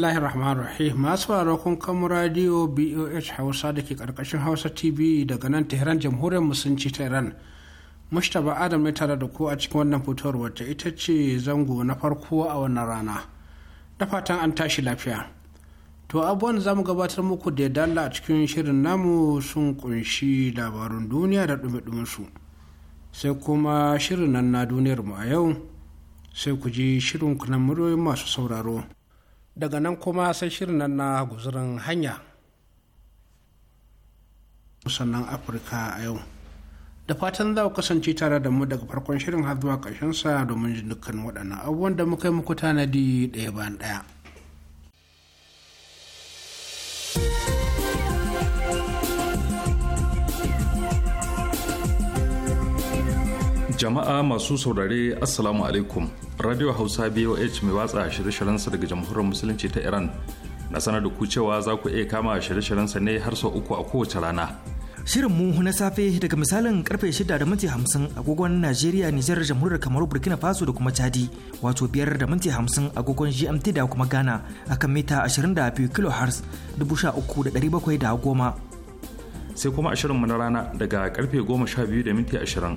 bismillahir rahmanir rahim masu faro kun kamar radio boh hausa da ke karkashin hausa tv daga nan tehran jamhuriyar musulunci ta iran mustapha adam ne tare da ku a cikin wannan fitowar wacce ita ce zango na farko a wannan rana da fatan an tashi lafiya to abubuwan za mu gabatar muku da dala a cikin shirin namu sun kunshi labarun duniya da dumi su sai kuma shirin nan na duniyar mu a yau sai ku ji shirin kunan muryoyin masu sauraro daga nan kuma sai shirin nan na guzurin hanya sannan afirka a yau da fatan za ku kasance tare da mu daga farkon shirin har zuwa sa domin jin dukkan waɗannan abubuwan da muka yi muku tanadi ɗaya bayan ɗaya jama'a masu saurare assalamu alaikum radio hausa boh mai watsa shirye-shiryensa daga jamhuriyar musulunci ta iran na sanar da ku cewa za ku iya kama shirye-shiryensa ne har sau uku a kowace rana shirin mu na safe daga misalin karfe 6 da minti 50 agogon najeriya nijar jamhuriyar kamaru burkina faso da kuma chadi wato biyar da minti 50 agogon gmt da kuma ghana akan mita 22 kilohertz 13710 sai kuma ashirin mu na rana daga karfe goma 12 da minti ashirin.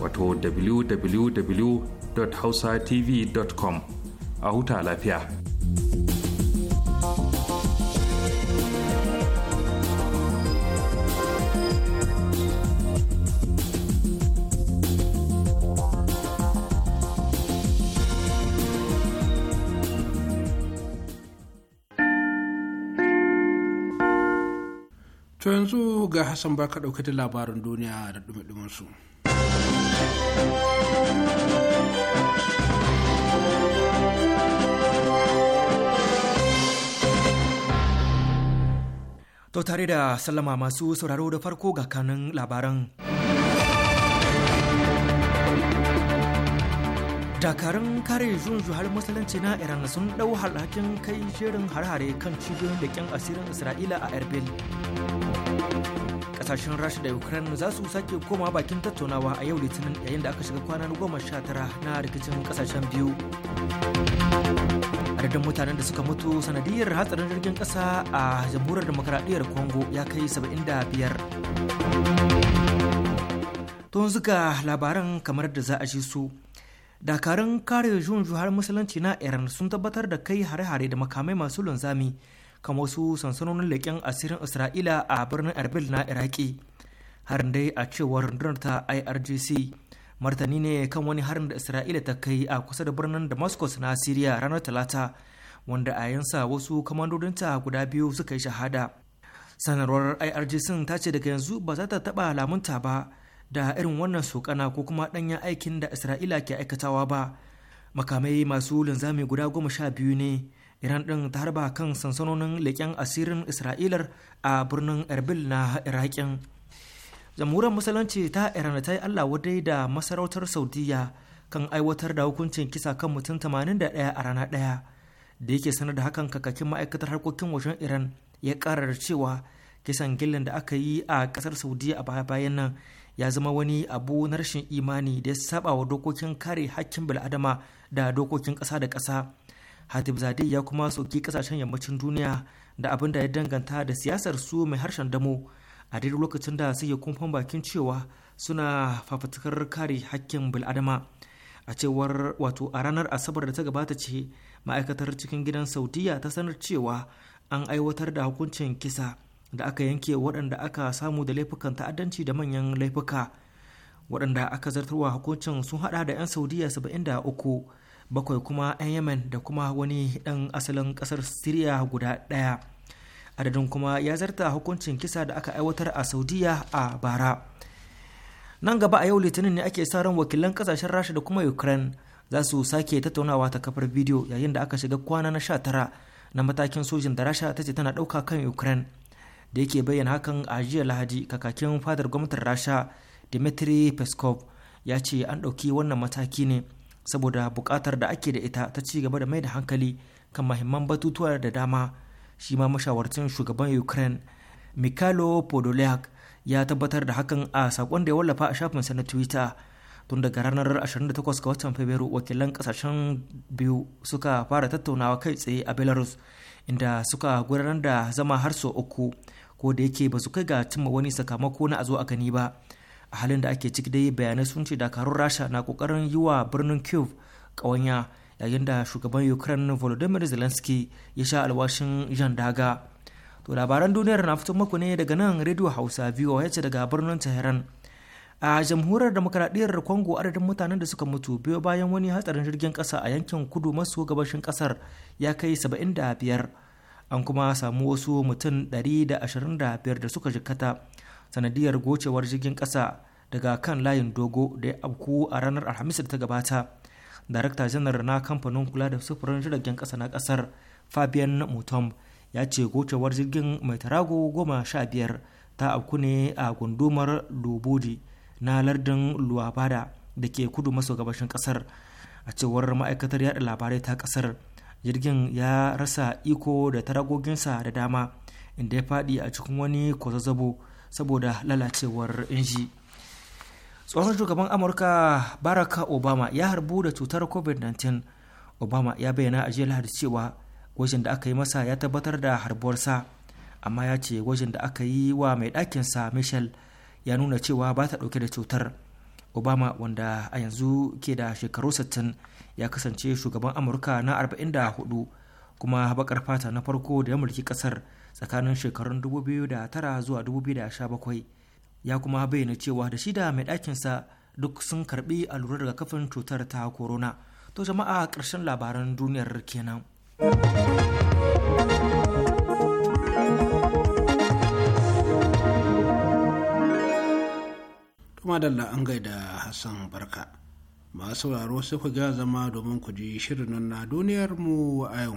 wato www.hausatv.com a huta lafiya. To yanzu ga Hassan baka ɗauke da labarin duniya da ɗumi su. To tare da sallama masu sauraro da farko ga kanin labaran. Dakarun kare zunzu har musulunci na Iran sun ɗau halakin kai shirin harhare kan cibiyoyin da asirin Isra'ila a Erbil. kasashen rasha da ukraine za su sake koma bakin tattaunawa a yau litinin yayin da aka shiga kwana goma sha tara na rikicin kasashen biyu adadin mutanen da suka mutu sanadiyar hatsarin jirgin kasa a jamhuriyar demokaradiyyar congo ya kai saba'in 75 tun zuga labaran kamar da za a ji su dakarun kare jun har musulunci na iran sun tabbatar da kai hare-hare da makamai masu lunzami kamar wasu sansanonin leƙen asirin isra'ila a birnin erbil na iraki harin dai a cewar rundunar ta irgc martani ne kan wani harin da isra'ila ta kai a kusa da birnin damascus na siriya ranar talata wanda a yansa wasu kamandodinta guda biyu suka yi shahada sanarwar irgc ta ce daga yanzu ba za ta taɓa lamunta ba da irin wannan sokana ko kuma ɗanyen aikin da isra'ila ke aikatawa ba makamai masu linzami guda goma sha biyu ne iran ɗin ta harba kan sansanonin leƙen asirin isra'ilar a birnin erbil na iraƙin jamhuriyar musulunci ta iran ta yi allah wadai da masarautar saudiya kan aiwatar da hukuncin kisa kan mutum tamanin da 81 a rana ɗaya da yake sanar da hakan kakakin ma'aikatar harkokin wajen iran ya karar cewa kisan gillin da aka yi a kasar saudiya a baya bayan nan ya zama wani abu na rashin imani da ya saba wa dokokin kare hakkin bil'adama da dokokin ƙasa da ƙasa hatib zade ya kuma soki kasashen yammacin duniya da abin da ya danganta da siyasar su mai harshen damo a daidai lokacin da suke kumfan bakin cewa suna fafatakar kare hakkin bil'adama a cewar wato a ranar asabar da ta gabata ce ma'aikatar cikin gidan saudiya ta sanar cewa an aiwatar da hukuncin kisa da aka yanke waɗanda aka samu da laifukan ta'addanci da manyan laifuka waɗanda aka zartarwa hukuncin sun haɗa da 'yan saudiya 73 bakwai kuma 'yan yemen da kuma wani ɗan asalin kasar syria guda ɗaya adadin kuma ya zarta hukuncin kisa da aka aiwatar a saudiya a bara nan gaba a yau litinin ne ake sa ran wakilan kasashen rasha da kuma ukraine za su sake tattaunawa ta kafar bidiyo yayin da aka shiga kwana na sha tara na matakin sojin da rasha ta ce tana ɗauka kan ukraine da yake bayyana hakan a jiya lahadi kakakin fadar gwamnatin rasha dimitri peskov ya ce an ɗauki wannan mataki ne saboda buƙatar da ake da ita ta ci gaba da mai da hankali kan mahimman batutuwa da dama shi ma mashawarcin shugaban ukraine mikhailo podolyak ya tabbatar da hakan a saƙon da ya wallafa a shafinsa na twitter tun daga ranar 28 ga watan fabrairu wakilan kasashen biyu suka fara tattaunawa kai tsaye a belarus inda suka gudanar da zama har sau uku ko da yake ba su kai ga cimma wani sakamako na a zo a gani ba a halin da ake ciki dai bayanai sun ce dakarun rasha na kokarin yi wa birnin kyiv kawanya yayin da shugaban ukraine volodymyr zelensky ya sha alwashin jan daga to labaran duniyar na fito maku ne daga nan radio hausa biyu ya ce daga birnin tehran a jamhuriyar demokradiyyar congo adadin mutanen da suka mutu biyo bayan wani hatsarin jirgin kasa a yankin kudu maso gabashin kasar ya kai 75 an kuma samu wasu mutum 125 da suka jikkata sanadiyar gocewar jirgin ƙasa daga kan layin dogo da ya abku a ranar alhamis da ta gabata darakta janar na kamfanin kula da sufurin jiragen kasa na ƙasar fabian mutum ya ce gocewar jirgin mai tarago goma sha biyar ta abku ne a gundumar lubudi na lardin luwabada da ke kudu maso gabashin ƙasar a cewar ma'aikatar yada labarai ta ƙasar jirgin ya rasa iko da taragoginsa da dama inda ya faɗi a cikin wani kwazazzabo saboda lalacewar inji tsohon shugaban amurka baraka obama ya harbu da cutar covid-19 obama ya bayyana a jiya lahadi cewa gwajin da aka yi masa ya tabbatar da harbuwarsa amma ya ce gwajin da aka yi wa mai ɗakinsa michel ya nuna cewa ba ta ɗauke da cutar obama wanda a yanzu ke da shekaru 60 ya kasance shugaban amurka na 44 kuma bakar fata na farko da ya mulki ƙasar. tsakanin shekarun 2009 zuwa 2017 ya kuma bayyana cewa da shida mai ɗakinsa duk sun karbi allurar kafin cutar ta corona to jama'a ƙarshen labaran duniyar kenan. kuma da an gaida hassan barka masu sauraro sai ku ga zama domin ku ji shirin na duniyar mu a yau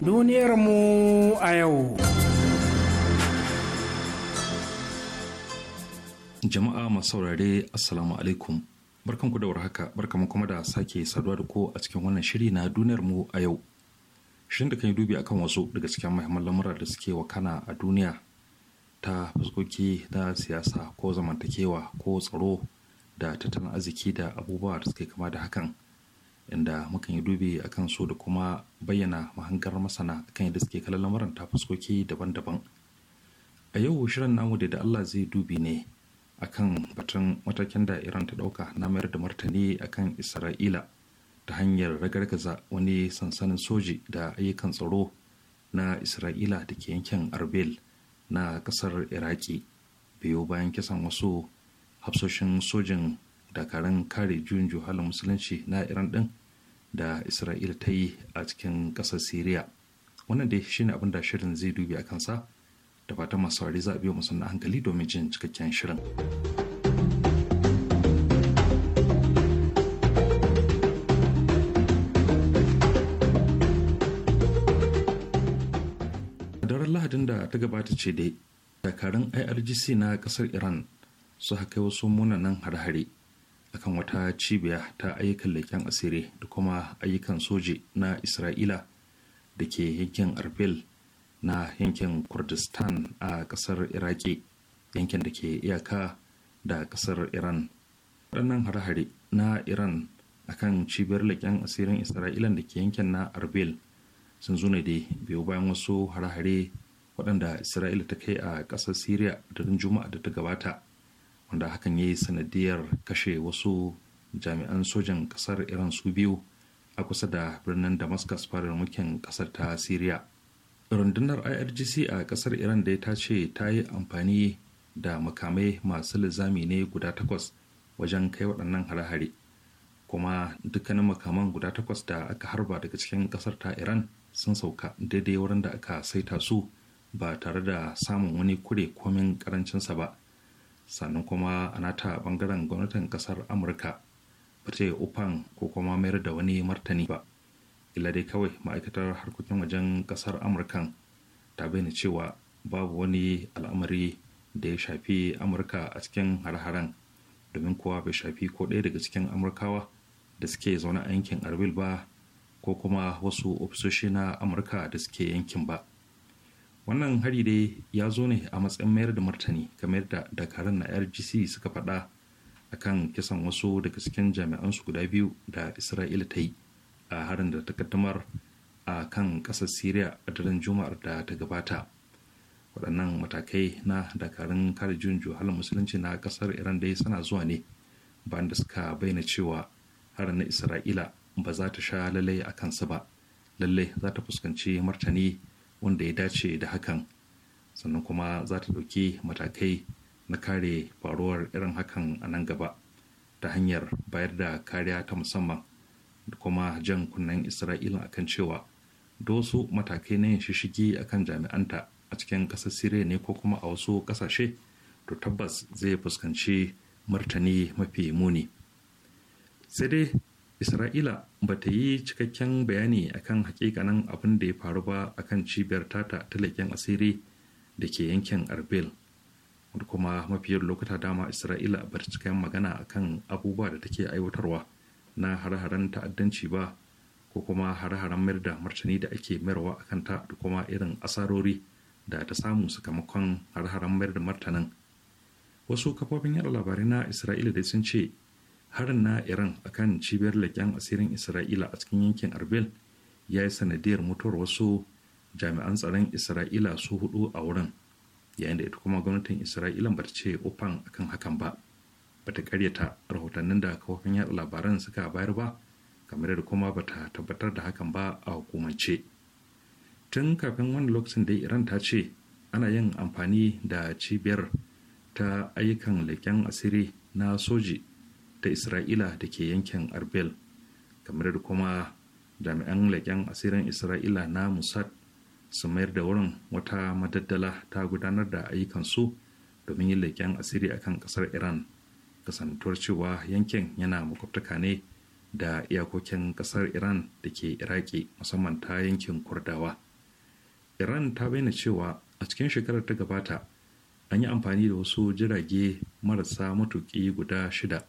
duniyar mu a yau. Jama'a masu saurare Assalamu alaikum. Barkanku da warhaka, barkanku kuma da sake saduwa da ko a cikin wannan shiri na duniyar mu a yau. Shirin da kan yi dubi akan wasu daga cikin muhimman lamura da suke wakana a duniya ta fuskoki na siyasa ko zamantakewa ko tsaro da tattalin arziki da abubuwa da suke kama da hakan. inda mukan yi dubi a kan su da kuma bayyana mahangar masana kan yadda suke kallon lamarin ta fuskoki daban-daban a yau shirin namu da allah zai dubi ne akan batun matakin da iran ta dauka na mayar da martani akan isra'ila ta hanyar ragargaza wani sansanin soji da ayyukan tsaro na isra'ila da ke yankin arbel na kasar iraki biyu bayan kisan wasu hafsoshin sojin dakarun kare juyin juhalin musulunci na iran din da isra'ila ta yi a cikin ƙasar syria wannan dai shine abin da shirin zai dubi a kansa da fatan masu saurari za a biyo musu na hankali domin jin cikakken shirin daren lahadin da ta gabata ce dai dakarun irgc na ƙasar iran su haka wasu munanan hare-hare akan wata cibiya ta ayyukan leƙen asiri da kuma ayyukan soji na isra'ila da ke yankin arbil na yankin kurdistan a ƙasar iraki yankin da ke iyaka da ƙasar iran waɗannan hare-hare na iran akan cibiyar leƙen asirin isra'ila da ke yankin na arbil sun zo ne dai bayan wasu hare-hare waɗanda isra'ila ta kai a ƙasar syria da daren juma'a da ta gabata wanda hakan ya yi sanadiyar kashe wasu jami'an sojan kasar iran su biyu a kusa da birnin damascus farin mukin kasar ta syria rundunar irgc a kasar iran da ta ce ta yi amfani da makamai masu lizami ne guda takwas wajen kai waɗannan hare-hare kuma dukkanin makaman guda takwas da aka harba daga cikin kasar ta iran sun sauka daidai wurin da aka saita su ba tare da samun wani kure komin karancinsa ba sannan kuma ana ta bangaren gwamnatin kasar amurka ba ta yi ufan ko kuma mayar da wani martani ba illa dai kawai ma'aikatar harkokin wajen kasar amurkan ta bayyana cewa babu wani al'amari da ya shafi amurka a cikin har-haren domin kowa bai shafi ko ɗaya daga cikin amurkawa da suke zaune a yankin arbil ba ko kuma wasu ofisoshi na amurka da suke yankin ba wannan hari dai ya zo ne a matsayin mayar da martani kamar da dakarun na rgc suka faɗa a kan kisan wasu daga cikin jami'ansu guda biyu da isra'ila ta yi a harin da ta kaddamar a kan ƙasar syria a daren juma'ar da ta gabata waɗannan matakai na dakarun kare juyin hali musulunci na ƙasar iran dai suna zuwa ne bayan da suka bayyana cewa harin na isra'ila ba za ta sha lallai a kansa ba lallai za ta fuskanci martani wanda ya dace da hakan sannan kuma za ta ɗauki matakai na kare faruwar irin hakan a nan gaba ta hanyar bayar da kariya ta musamman da kuma jan kunnen isra'ila akan cewa da wasu matakai na yin shishigi akan jami'anta a cikin ƙasar siriya ne ko kuma a wasu ƙasashe to tabbas zai fuskanci martani mafi muni sai dai isra'ila ba ta yi cikakken bayani akan hakikanin abin da ya faru ba akan cibiyar tata ta leƙen asiri da ke yankin arbil wadda kuma mafiyar lokuta dama isra'ila ba ta cikin magana akan abubuwa da take aiwatarwa na hare-haren ta'addanci ba ko kuma hare-haren mayar da martani da ake mayarwa a ta da kuma irin asarori da ta samu sakamakon hare-haren mayar da martanin wasu kafofin yada labarai na isra'ila dai sun ce harin na iran akan cibiyar leken asirin isra'ila a cikin yankin arbel ya yi sanadiyar mutuwar wasu jami'an tsaron isra'ila su hudu a wurin yayin da ita kuma gwamnatin isra'ila bata ce ofan akan hakan ba ba ta karyata rahotannin da kafofin yada labaran suka bayar ba kamar da kuma ba ta tabbatar da hakan ba a hukumance tun kafin wani lokacin da iran ta ce ana yin amfani da cibiyar ta ayyukan leken asiri na soji ta isra'ila da ke yankin arbel kamar da kuma jami'an leƙen asirin isra'ila na musad su mayar da wurin wata madaddala ta gudanar da ayyukansu domin yin leƙen asiri a kan ƙasar iran kasantuwar cewa yankin yana makwabtaka ne da iyakokin ƙasar iran da ke iraki musamman ta yankin kurdawa iran ta bayyana cewa a cikin shekarar ta gabata an yi amfani da wasu jirage marasa matuƙi guda shida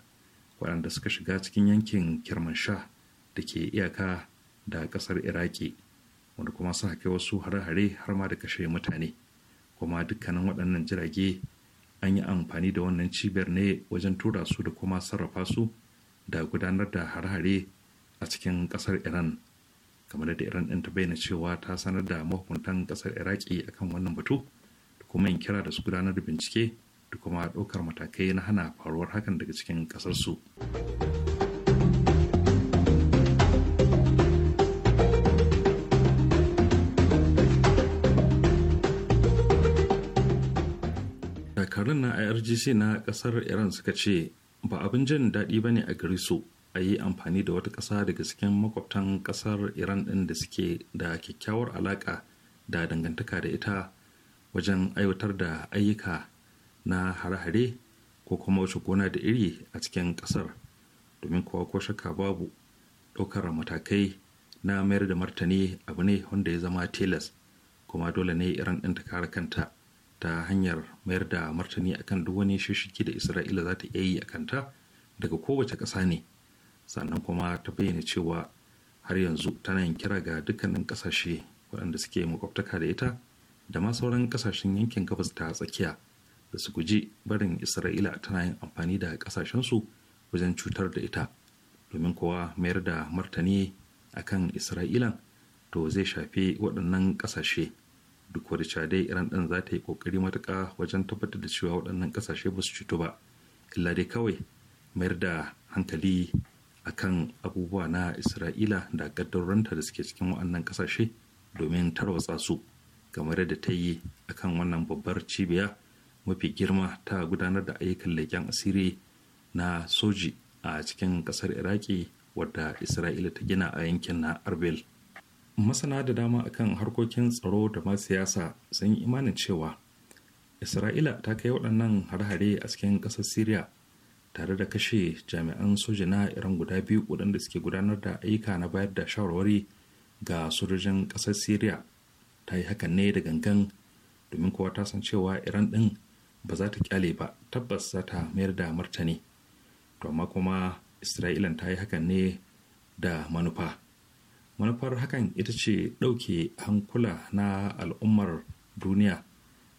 waɗanda suka shiga cikin yankin kirmansha da ke iyaka da ƙasar iraki wanda kuma suka kai wasu hare-hare har ma da kashe mutane kuma dukkanin waɗannan jirage an yi amfani da wannan cibiyar ne wajen tura su da kuma sarrafa su da gudanar da hare-hare a cikin ƙasar iran kamar da iran ɗin ta bayyana cewa ta sanar da mahukuntan ƙasar iraki akan wannan batu da kuma yin kira da su gudanar da bincike da kuma ɗaukar matakai na hana faruwar hakan daga cikin ƙasarsu. dakarun na irgc na ƙasar iran suka ce ba abin jin daɗi ba ne a gare su a yi amfani da wata ƙasa daga cikin makwabtan ƙasar iran ɗin da suke da kyakkyawar alaƙa da dangantaka da ita wajen aiwatar da ayyuka na hare-hare ko kuma wasu gona da iri a cikin ƙasar domin kowa ko shakka babu ɗaukar matakai na mayar da martani abu ne wanda ya zama tilas kuma dole ne irin ɗin ta kare kanta ta hanyar mayar da martani akan duk wani shishiki da isra'ila za ta iya yi a kanta daga kowace ƙasa ne sannan kuma ta bayyana cewa har yanzu tana yin kira ga dukkanin ƙasashe waɗanda suke makwabtaka da ita da ma sauran ƙasashen yankin gabas ta tsakiya da su guji barin isra'ila tana yin amfani da ƙasashensu wajen cutar da ita domin kowa mayar da martani a kan isra'ilan to zai shafi waɗannan ƙasashe duk wadda cewa dai iran ɗin za ta yi ƙoƙari matuƙa wajen tabbatar da cewa waɗannan ƙasashe ba su cutu ba illa dai kawai mayar da hankali akan abubuwa na isra'ila da ƙaddaroranta da suke cikin waɗannan ƙasashe domin tarwatsa su kamar da ta yi akan wannan babbar cibiya mafi girma ta gudanar da ayyukan leƙen asiri na soji a cikin ƙasar iraki wadda isra'ila ta gina a yankin na arbel masana da dama akan harkokin tsaro da ma siyasa sun yi imanin cewa isra'ila ta kai waɗannan har-hare a cikin ƙasar syria tare da kashe jami'an soja na iran guda biyu waɗanda suke gudanar da ayyuka na bayar da shawarwari ga sojojin ƙasar syria ta yi hakan ne da gangan domin kowa ta san cewa iran ɗin ba za ta kyale ba tabbas za ta mayar da martani to amma kuma Isra'ila ta yi hakan ne da manufa manufar hakan ita ce ɗauke hankula na al'ummar duniya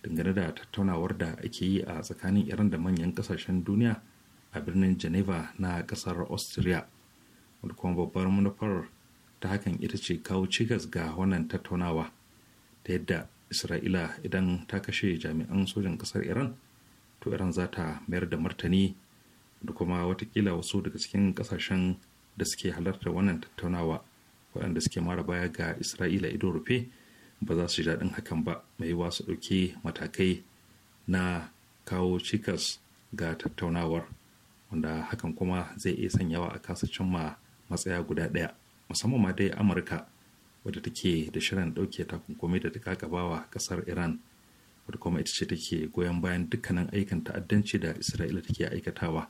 dangane da tattaunawar da ake yi a tsakanin iran da manyan kasashen duniya a birnin geneva na ƙasar austria wadda kuma babbar manufar ta hakan ita ce kawo cikas ga wannan tattaunawa ta yadda isra'ila idan ta kashe jami'an sojan ƙasar iran to iran za ta mayar da martani da kuma watakila wasu daga cikin ƙasashen da suke halarta wannan tattaunawa waɗanda suke mara baya ga isra'ila ido rufe ba za su ji daɗin hakan ba mai wasu su ɗauki matakai na kawo cikas ga tattaunawar wanda hakan kuma zai iya sanyawa a kasa cimma matsaya guda ɗaya musamman ma dai amurka wadda take da shirin ɗauke takunkumi da duka gabawa kasar iran wadda kuma ita ce take goyon bayan dukkanin aikin ta'addanci da isra'ila take aikatawa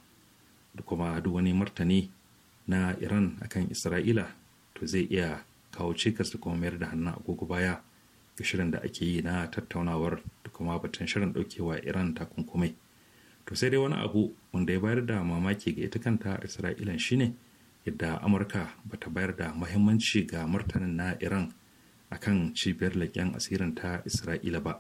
da kuma duk wani martani na iran akan isra'ila to zai iya kawo cikas da kuma mayar da hannun agogo baya ga shirin da ake yi na tattaunawar da kuma batun shirin ɗaukewa iran takunkumi to sai dai wani abu wanda ya bayar da mamaki ga ita kanta isra'ilan shine yadda amurka ba ta bayar da mahimmanci ga martanin na iran a kan cibiyar leƙen asirin ta isra'ila ba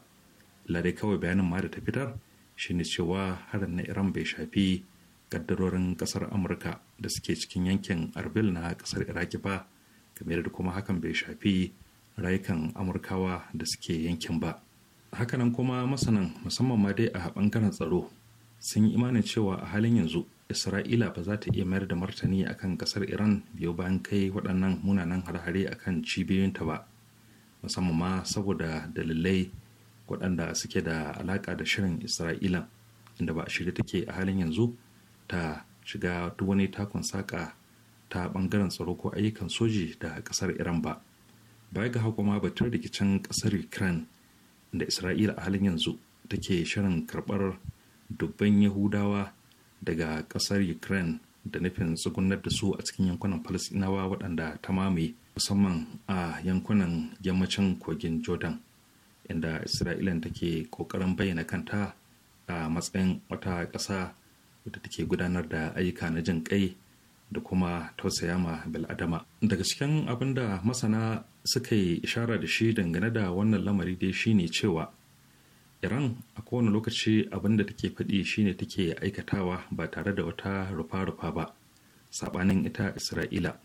ladai kawai bayanin ma da ta fitar shine cewa harin na iran bai shafi ƙaddarorin ƙasar amurka da suke cikin yankin arbil na ƙasar iraki ba game da kuma hakan bai shafi rayukan amurkawa da suke yankin ba hakanan kuma masanan musamman ma dai a bangaren tsaro sun yi imanin cewa a halin yanzu isra'ila ba za ta iya mayar da martani akan kasar iran biyo bayan kai waɗannan munanan hare-hare akan cibiyoyinta ba musamman ma saboda dalilai waɗanda suke da alaƙa da shirin isra'ila inda ba a take a halin yanzu ta shiga duk wani takun saƙa ta ɓangaren tsaro ko ayyukan soji da ƙasar iran ba baya ga haka ma batun rikicin ƙasar ukraine da isra'ila a halin yanzu take shirin karɓar dubban yahudawa daga ƙasar ukraine da nufin tsugunar da su a cikin yankunan falasinawa waɗanda ta mamaye musamman a yankunan yammacin kogin jordan inda isra'ilan take ƙoƙarin bayyana kanta a matsayin wata ƙasa da take gudanar da ayyuka na jin kai da kuma tausaya ma bil'adama daga cikin abin da masana suka yi ishara da shi dangane da wannan lamari dai shine cewa iran a kowane lokaci abin da take faɗi shine take aikatawa ba tare da wata rufa-rufa ba saɓanin ita isra'ila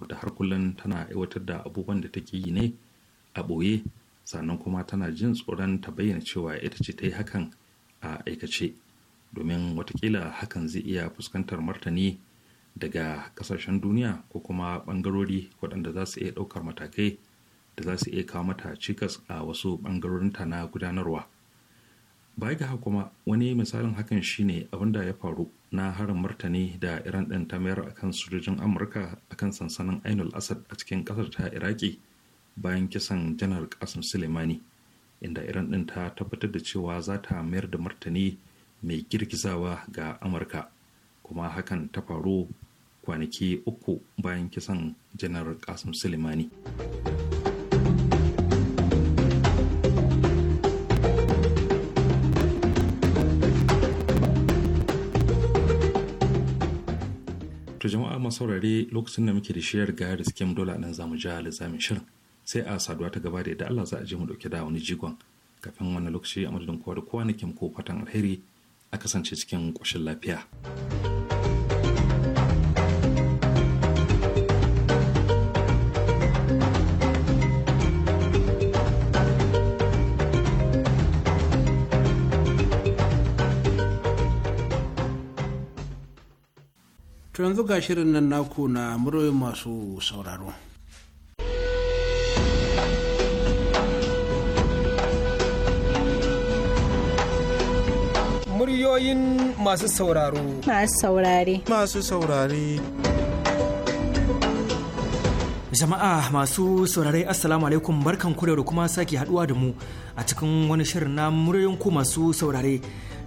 wadda har kullum tana aiwatar da abubuwan da take yi ne a ɓoye sannan kuma tana jin tsoron ta bayyana cewa ita ce ta yi hakan a aikace domin watakila hakan zai iya fuskantar martani daga kasashen duniya ko kuma bangarori waɗanda za su iya ɗaukar matakai da za su iya kawo mata cikas a wasu bangarorinta na gudanarwa. bai ga kuma wani misalin hakan shine abin da ya faru na harin martani da iran ɗin ta mayar akan sojojin amurka akan sansanin ainul asad a cikin ƙasar ta iraki bayan kisan janar kasim suleimani inda iran ɗin ta tabbatar da cewa za ta mayar da martani mai girgizawa ga amurka kuma hakan ta faru kwanaki uku bayan kisan janar kasim suleimani To jama'a masu saurare lokacin da muke da shiyar ga da suke dole nan zamu ja lissamin shirin sai a saduwa ta gaba da yadda Allah za a je mu dauke da wani jigon kafin wani lokaci a madadin kowa da kowa na ko fatan alheri a kasance cikin ƙoshin lafiya. to yanzu ga shirin nan naku na muryoyin masu sauraro muryoyin masu sauraro masu saurare masu saurare Jama'a masu saurare Assalamu alaikum barkan kure da kuma sake haduwa da mu a cikin wani shirin na muryoyin ku masu saurare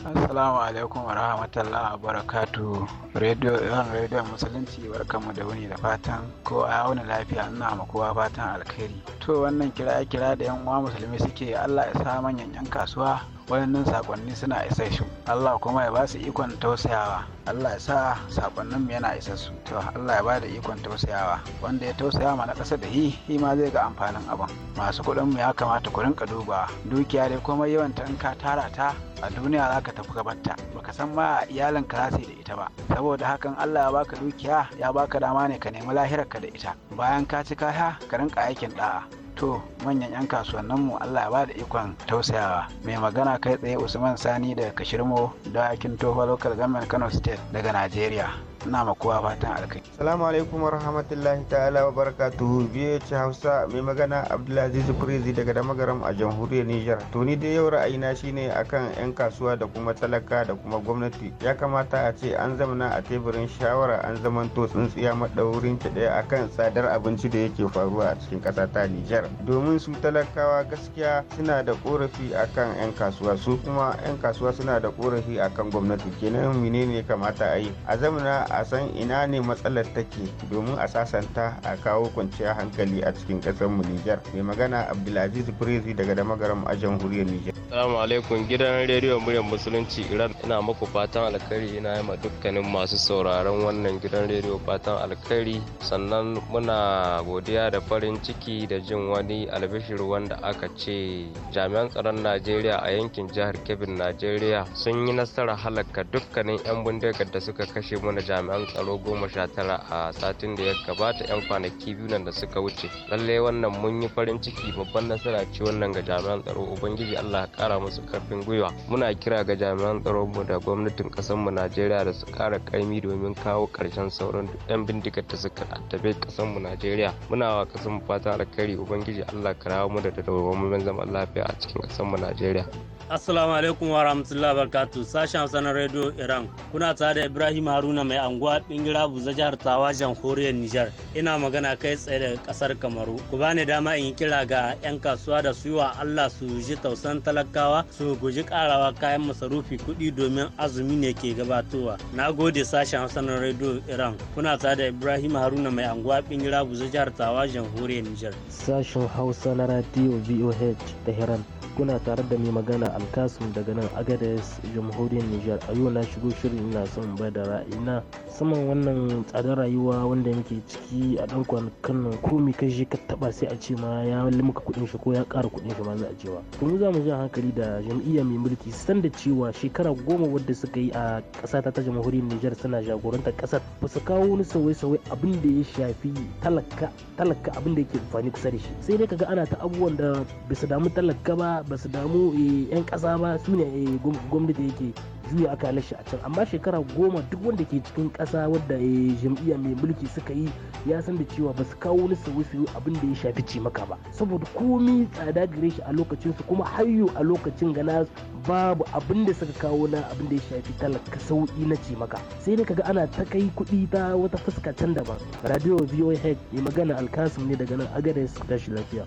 Assalamu alaikum wa rahmatullah wa barakatu Radio Iran Radio Musulunci barkamu da wuni da fatan ko a wani lafiya ina ma kowa fatan alkhairi. To wannan kira kira da yan uwa musulmi suke Allah ya sa manyan yan kasuwa wayannan sakonni suna isa shi Allah kuma ya ba su ikon tausayawa Allah ya sa sakonnin mu yana isa su to Allah ya ba da ikon tausayawa wanda ya tausaya mana kasa da hi hi ma zai ga amfanin abin masu kuɗin mu ya kamata ku rinka duba dukiya dai kuma yawan ta in ka tara ta a duniya za ka tafi gabatta baka san ma iyalin ka da ita ba saboda hakan Allah ya baka dukiya ya baka dama ne ka nemi lahirar ka da ita bayan ka ci kaya ka rinka aikin da'a to manyan 'yan kasuwannin mu Allah ya ba da ikon tausayawa mai magana kai tsaye Usman Sani daga Kashirmo da Akin Tofa Local Government Kano State daga Najeriya na ma kowa fatan alkai salamu alaikum warahmatullahi ta'ala wa barakatuhu biye ci hausa mai magana abdulaziz prezi daga damagaram a jamhuriyar niger to ni dai yau ra'ayina shine akan yan kasuwa da kuma talaka da kuma gwamnati ya kamata a ce an zamana a teburin shawara an zamanto tsuntsiya maɗaurin ta ɗaya akan tsadar abinci da yake faruwa a cikin ƙasa ta niger domin su talakawa gaskiya suna da korafi akan yan kasuwa su kuma yan kasuwa suna da korafi akan gwamnati kenan menene kamata a yi a zamana a san ina ne matsalar take domin a sasanta a kawo kwanciyar hankali a cikin kasar mu Nijar. Mai magana Abdulaziz Prezi daga damagaram a jamhuriyar Nijar. Assalamu alaikum gidan rediyo muryar musulunci Iran ina muku fatan alkhairi ina yi ma dukkanin masu sauraron wannan gidan rediyo fatan alkhairi sannan muna godiya da farin ciki da jin wani albishir wanda aka ce jami'an tsaron Najeriya a yankin jihar Kebbi Najeriya sun yi nasara halaka dukkanin 'yan bindigar da suka kashe mana jami'an tsaro goma sha tara a satin da ya gabata 'yan kwanaki biyu nan da suka wuce. Lallai wannan mun yi farin ciki babban nasara ce wannan ga jami'an tsaro Ubangiji Allah kara musu karfin gwiwa muna kira ga jami'an tsaron mu da gwamnatin kasar mu Najeriya da su kara kaimi domin kawo karshen sauran duk yan bindigar da suka addabe kasar mu Najeriya muna wa kasar mu fatan alkhairi ubangiji Allah ka mu da dawwammamen zaman lafiya a cikin kasar mu Najeriya Assalamu alaikum wa rahmatullahi barkatu sashen sanar radio Iran. Kuna tare da Ibrahim Haruna mai anguwa bingira buza jihar Tawa jamhuriyar Nijar. Ina magana kai tsaye daga kasar Kamaru. Ku bani dama in kira ga 'yan kasuwa da su wa Allah su ji tausan talakawa su guji karawa kayan masarufi kuɗi domin azumi ne ke gabatowa. Na gode sashen sanar radio Iran. Kuna tare da Ibrahim Haruna mai anguwa bingira buza jihar Tawa jamhuriyar Nijar. Sashen Hausa na radio VOH Tehran. Kuna tare da mai magana alkasum daga nan agades jamhuriyar nijar a yau na shigo shirin ina son ba da ra'ina saman wannan tsadar rayuwa wanda muke ciki a dan kwanakan nan komi kai shi ka taba sai a ce ma ya limka kuɗin shi ko ya ƙara kuɗin shi ma za a cewa to mu za mu ji hankali da jam'iyya mai mulki san da cewa shekara goma wadda suka yi a ƙasa ta ta jamhuriyar nijar suna jagorantar ƙasar ba su kawo wani sauye-sauye abin da ya shafi talaka talaka abin da yake amfani kusa da shi sai dai kaga ana ta abubuwan da ba su damu talaka ba ba su damu eh, 'yan ƙasa ba su ne eh, gwamnati yake juya aka shi a can amma shekara goma duk wanda ke cikin ƙasa wadda eh, jam'iyya mai mulki suka yi ya san da cewa ba su kawo wani sauye-sauye abin da ya shafi ci maka ba saboda komi tsada gare shi a lokacin su kuma hayo a lokacin gana babu abin da suka kawo na abin da ya shafi talaka sauki na ci maka sai dai kaga ana ta kai kuɗi ta wata fuska can daban radio voa head mai magana alkasim ne daga nan agadez tashi lafiya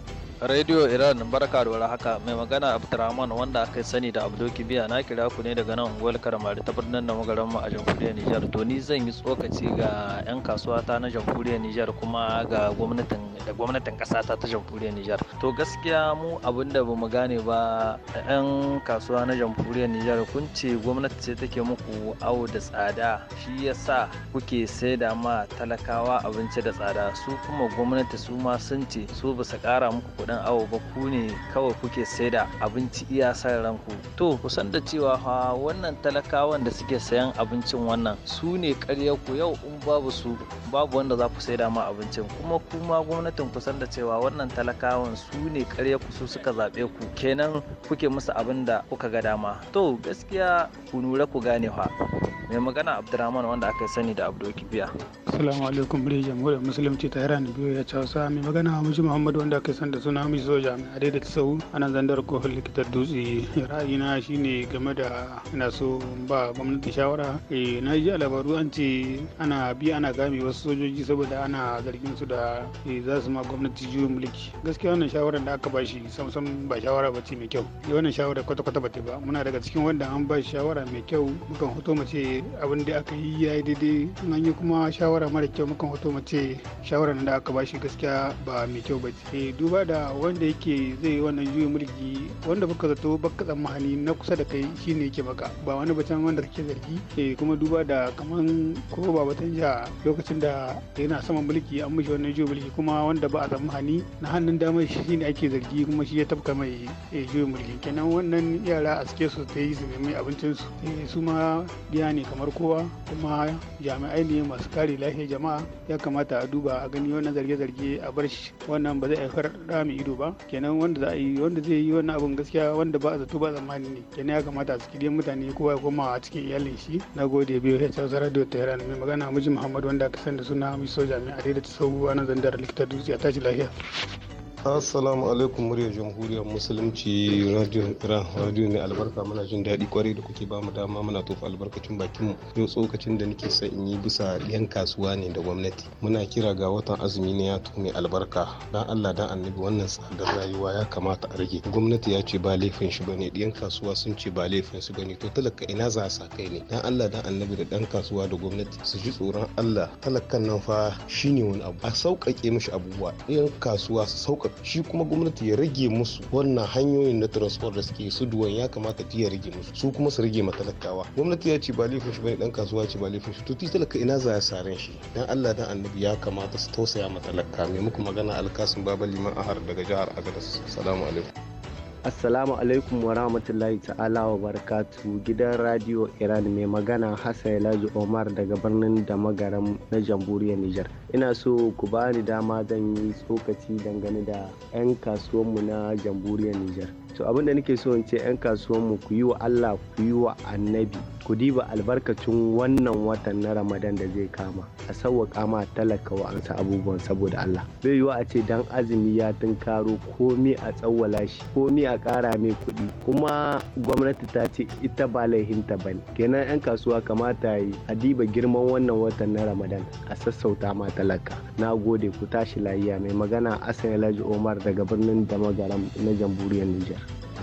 Radio Iran barka da haka mai magana Abdurrahman wanda aka sani da Abdul Kibiya na kira ku ne daga nan unguwar Karamari ta birnin da magaran mu a jamhuriyar Nijar to ni zan yi tsokaci ga yan kasuwa ta na jamhuriyar Nijar kuma ga gwamnatin da gwamnatin kasa ta ta jamhuriyar Nijar to gaskiya mu abinda bamu gane ba yan kasuwa na jamhuriyar Nijar kun ce gwamnati ce take muku au da tsada shi yasa kuke da ma talakawa abinci da tsada su kuma gwamnati su ma sun ce su ba su kara muku kuɗi Ɗan awo ba ku ne kawai kuke da abinci iya san ranku to kusan da cewa fa wannan talakawan da suke sayan abincin wannan su ne ƙaryar ku yau in babu su babu wanda za ku da ma abincin kuma kuma gwamnatin kusan da cewa wannan talakawan su ne ƙaryar ku su suka zaɓe ku kenan kuke musu abin da kuka ga dama to gaskiya ku nura ku gane fa mai magana abdurrahman wanda aka sani da abdul kibiya assalamu alaikum bari jamhuriyar musulunci ta iran biyu ya ci hausa mai magana muji Muhammadu wanda aka san da suna jami'a dai da ta sau ana zandar kohon likitar dutse ra'ayina shine game da ina so ba gwamnati shawara eh, na ji labaru an ce ana bi ana game wasu sojoji saboda ana zargin su da eh, za su ma gwamnati juyin mulki gaskiya wannan shawarar da aka ba shi samsam ba shawara ba ce mai kyau eh, wannan shawara kwata-kwata ba ta ba muna daga cikin wanda an ba shawara mai kyau mukan hoto mace abin da aka yi ya yi daidai an yi kuma shawara mara kyau mukan hoto mace shawara da aka ba shi gaskiya ba mai kyau ba ce duba da wanda yake zai wannan juyin mulki wanda baka zato baka tsammani na kusa da kai shine yake maka ba wani batun wanda kake zargi eh kuma duba da kaman ko ba batun ja lokacin da yana saman mulki an mishi wannan juyin mulki kuma wanda ba a tsammani na hannun damar shi ne ake zargi kuma shi ya tabka mai eh, juyin mulki kenan wannan yara a suke su tayi su nemi abincin su eh, su ma biya ne kamar kowa kuma jami'ai ne masu kare lafiyar jama'a ya kamata a duba a gani wannan zarge-zarge a bar shi wannan ba zai haifar da mai ido ba kenan wanda za a yi wanda zai yi wani abun gaskiya wanda ba a zato ba zamani ne kenan ya kamata su dai mutane kowa ya koma a cikin iyalin shi na gode biyu ya tsawon da tehran mai magana miji muhammad wanda aka sanda suna mai soja mai a da ta na zandar likita dutse a tashi lafiya. Assalamu alaikum murya jamhuriyar musulunci radio Iran radio mai albarka muna jin daɗi kwarai da kuke bamu dama muna tofa albarkacin bakin mu yau tsokacin da nake sa in yi bisa yan kasuwa ne da gwamnati muna kira ga watan azumi ne ya mai albarka dan Allah dan annabi wannan tsadar rayuwa ya kamata a rage gwamnati ya ce ba laifin shi bane yan kasuwa sun ce ba laifin su bane to talaka ina za sa kai ne dan Allah dan annabi da dan kasuwa da gwamnati su ji tsoron Allah talakan nan fa shine wani abu a sauƙaƙe mishi abubuwa yan kasuwa su sauƙaƙe shi kuma gwamnati ya rage musu wannan hanyoyin na transport da suke su duwan ya kamata ya rage musu su kuma su rage matalakawa gwamnati ya ce ba laifin shi bane dan kasuwa ce ba laifin shi to talaka ina za a saren shi dan Allah dan annabi ya kamata su tausaya matalaka mai muku magana alkasin baba liman ahar daga jihar agadas salamu alaikum Assalamu alaikum wa rahmatullahi ta'ala wa barakatu gidan radio Iran mai magana Hassan Elaji Omar daga birnin da magaram na jamhuriyar Nijar. Ina so ku bani dama zan yi tsokaci dangane da 'yan kasuwanmu na jamhuriyar Nijar. To abin da nake so in ce 'yan kasuwanmu ku yi wa Allah ku yi wa annabi ku diba albarkacin wannan watan na ramadan da zai kama a sauwaƙa ma talaka wa ansa abubuwan saboda allah bai yiwu a ce dan azumi ya tunkaro komi a tsawwala shi komi a kara mai kuɗi kuma gwamnati ta ce ita ba laihinta ba ne kenan 'yan kasuwa kamata yi a diba girman wannan watan na ramadan a sassauta ma talaka na gode ku tashi layiya mai magana asan laji omar daga birnin damagaram na jamhuriyar nijar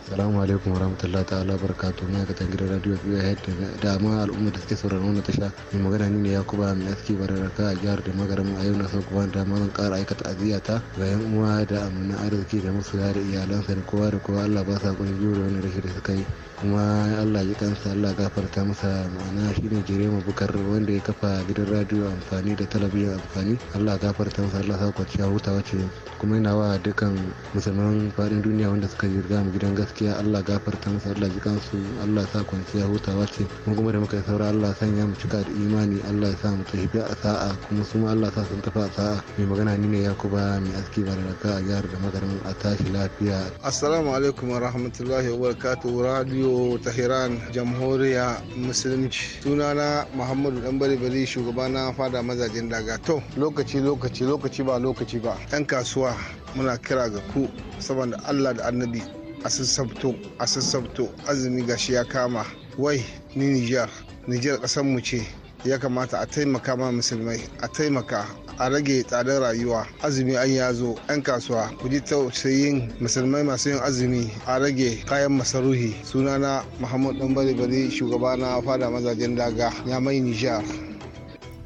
Assalamu alaikum warahmatullahi ta'ala barakatu ma'aikatan gidan radio head da dama al'umma da suke sauraron wannan tasha mai magana ni ne Yakuba mai aski bararaka a jihar da magaramu a yau na so kuma da zan ƙara aikata aziyata ga yan uwa da amana arziki da masoya da iyalansa da kowa da kowa Allah ba sa gurin jure wannan rashin da suka yi kuma allah ji kansa allah gafarta masa ma'ana shine jirema bukar wanda ya kafa gidan radio amfani da talabijin amfani allah gafarta masa allah sa kwanciya huta wace kuma yana wa dukkan musulman faɗin duniya wanda suka yi mu gidan gaskiya allah gafarta masa allah ji kansu allah sa kwanciya huta wace mun kuma da muka yi saura allah sanya mu cika da imani allah sa mu tafi a sa'a kuma su ma allah sa sun tafi a sa'a mai magana ni ne yakuba mai aski ba da a jihar da magarin a tashi lafiya assalamu alaikum wa rahmatullahi wa barakatuhu radio radio tahiran jamhuriya musulunci sunana muhammadu dan bari shugaba na fada mazajen daga to lokaci lokaci lokaci ba lokaci ba yan kasuwa muna kira ga ku saboda allah da annabi a sassabto a sassabto azumi gashi ya kama wai ni nijar nijar kasan mu ce ya kamata a taimaka ma musulmai a taimaka a rage tsadar rayuwa azumi an ya zo yan kasuwa ku ji tausayin musulmai masu yin azumi a rage kayan masaruhi sunana muhammad dan bari bari shugaba na fada mazajen daga ya mai nijar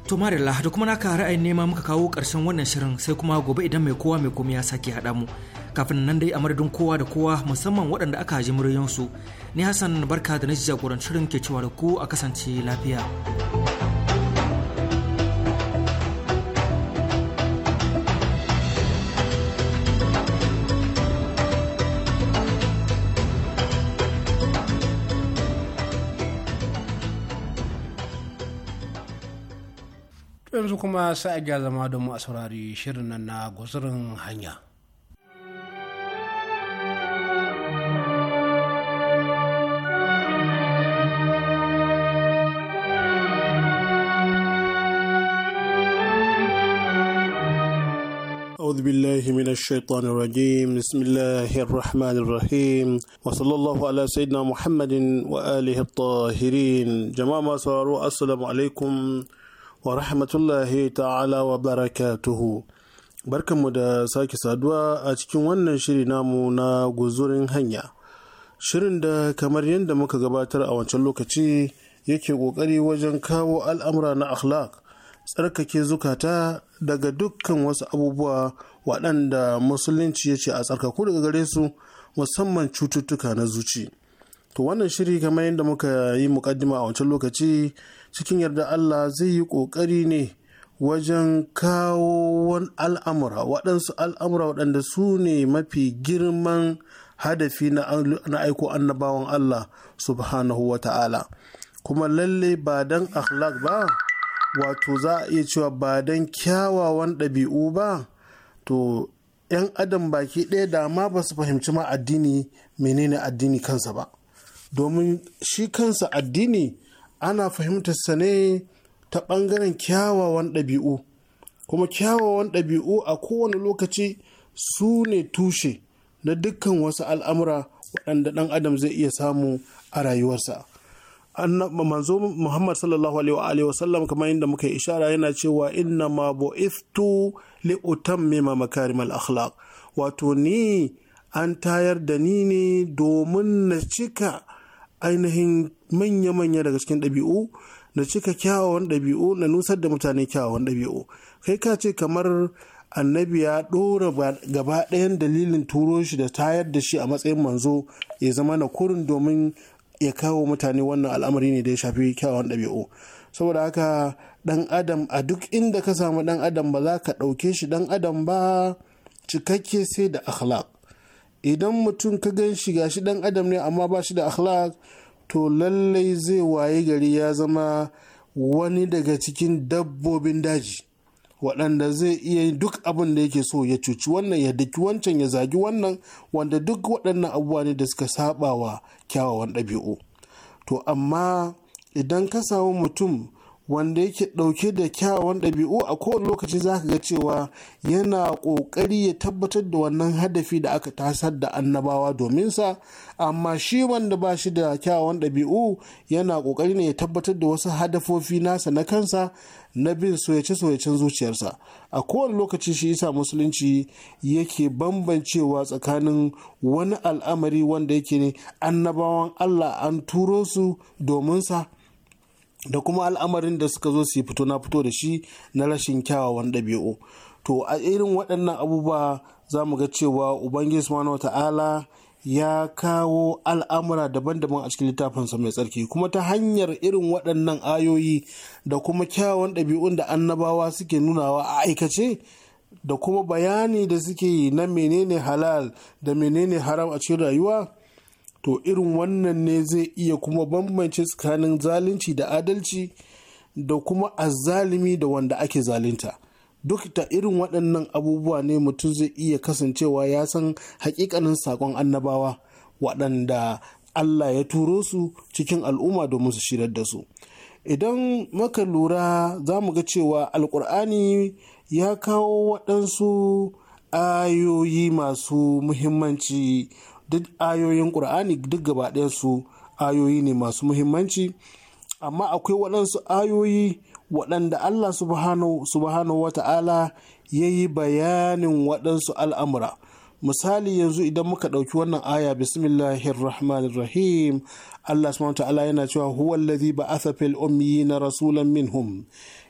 to marilla da kuma naka ra'ayin nema muka kawo karshen wannan shirin sai kuma gobe idan mai kowa mai komai ya sake haɗa mu kafin nan dai a madadin kowa da kowa musamman waɗanda aka haji su ni hassan barka da na jagorancin shirin ke cewa da ku a kasance lafiya. yanzu kuma sai a gya zama don mu a saurari shirin nan na guzurin hanya. أعوذ بالله من الشيطان الرجيم بسم الله الرحمن الرحيم وصلى الله على سيدنا محمد وآله الطاهرين جماعة صاروا السلام عليكم wa rahmatullahi ta'ala wa barakatuhu barkanmu da sake saduwa a cikin wannan shiri namu na guzurin hanya shirin da kamar yadda muka gabatar a wancan lokaci yake ƙoƙari wajen kawo al'amura na akhlaq tsarkake zukata daga dukkan wasu abubuwa waɗanda musulunci ya ce a tsarkaku daga gare su musamman cututtuka na zuci to wannan shiri kamar yadda muka yi mukaddima a wancan lokaci cikin yarda Allah zai yi ƙoƙari ne wajen kawo wani al'amura waɗansu al'amura waɗanda su ne mafi girman hadafi na aiko annabawan Allah subhanahu wa ta'ala kuma lalle ba don akhlaq ba wato za a iya cewa ba don kyawawan ɗabi'u ba to 'yan adam baki ɗaya da ma ba su fahimci ma addini menene addini kansa ba domin shi kansa addini ana fahimtarsa ne ta ɓangaren kyawawan ɗabi'u kuma kyawawan ɗabi'u a kowane lokaci su ne tushe na dukkan wasu al'amura waɗanda ɗan adam zai iya samu a rayuwarsa manzo muhammad sallallahu alaihi wa sallam kamar yadda muka ishara yana cewa inna ma bu'iftu li utammima makarimal akhlaq wato ni an tayar da ni ne domin na cika ainihin manya-manya daga cikin ɗabi'u da cika kyawawan ɗabi'u na nusar da mutane kyawawan ɗabi'u kai ka ce kamar annabi ya ɗora gaba ɗayan dalilin turo shi da tayar da shi a matsayin manzo ya zama na kurin domin ya kawo mutane wannan al'amari ne da ya shafi kyawawan ɗabi'u saboda haka ɗan adam a duk inda ka samu ɗan adam ba za ka ɗauke shi ɗan adam ba cikakke sai da akhlaq idan mutum ka gan shi gashi dan adam ne amma ba shi da akhlaq to lallai zai waye gari ya zama wani daga cikin dabbobin daji waɗanda zai iya duk abin da yake so ya cuci wannan ya daki wancan ya zagi wannan wanda duk waɗannan abubuwa ne da suka saba wa kyawawan ɗabi'u to amma idan ka samu mutum wanda yake ɗauke da kyawawan ɗabi'u a kowane lokaci za ka ga cewa yana ƙoƙari ya tabbatar da wannan hadafi da aka tasar da annabawa domin sa amma shi wanda ba shi da kyawawan ɗabi'u yana ƙoƙari ne ya tabbatar da wasu hadafofi nasa na kansa na bin soyace-soyacen zuciyarsa a kowane lokaci shi isa musulunci yake bambancewa tsakanin wani al'amari wanda yake ne annabawan allah an turo su domin sa da kuma al'amarin da suka zo su yi fito na fito da shi na rashin kyawawan ɗabi'u to a irin waɗannan abubuwa za mu ga cewa ubangiji subhanahu ta'ala ya kawo al'amura daban-daban a cikin littafinsa mai tsarki kuma ta hanyar irin waɗannan ayoyi da kuma kyawawan ɗabi'un da annabawa suke nunawa a aikace da kuma bayani da suke yi na menene halal da menene haram a cikin rayuwa to irin wannan ne zai iya kuma bambance tsakanin zalunci da adalci da kuma azalimi da wanda ake zalunta duk da irin waɗannan abubuwa ne mutum zai iya kasancewa ya san hakikanin saƙon annabawa waɗanda Allah ya turo su cikin al'umma domin su shirar da su idan maka lura za mu ga cewa Alƙur'ani ya kawo waɗansu ayoyi masu muhimmanci duk ayoyin ƙur'ani duk gaba su ayoyi ne masu muhimmanci amma akwai waɗansu ayoyi waɗanda Allah subhanahu wa ta'ala ya yi bayanin waɗansu al'amura misali yanzu idan muka ɗauki wannan aya bismillahirrahmanirrahim Allah subhanahu wa ta'ala yana cewa huwa allazi ba'atha fil ummiyina rasulan minhum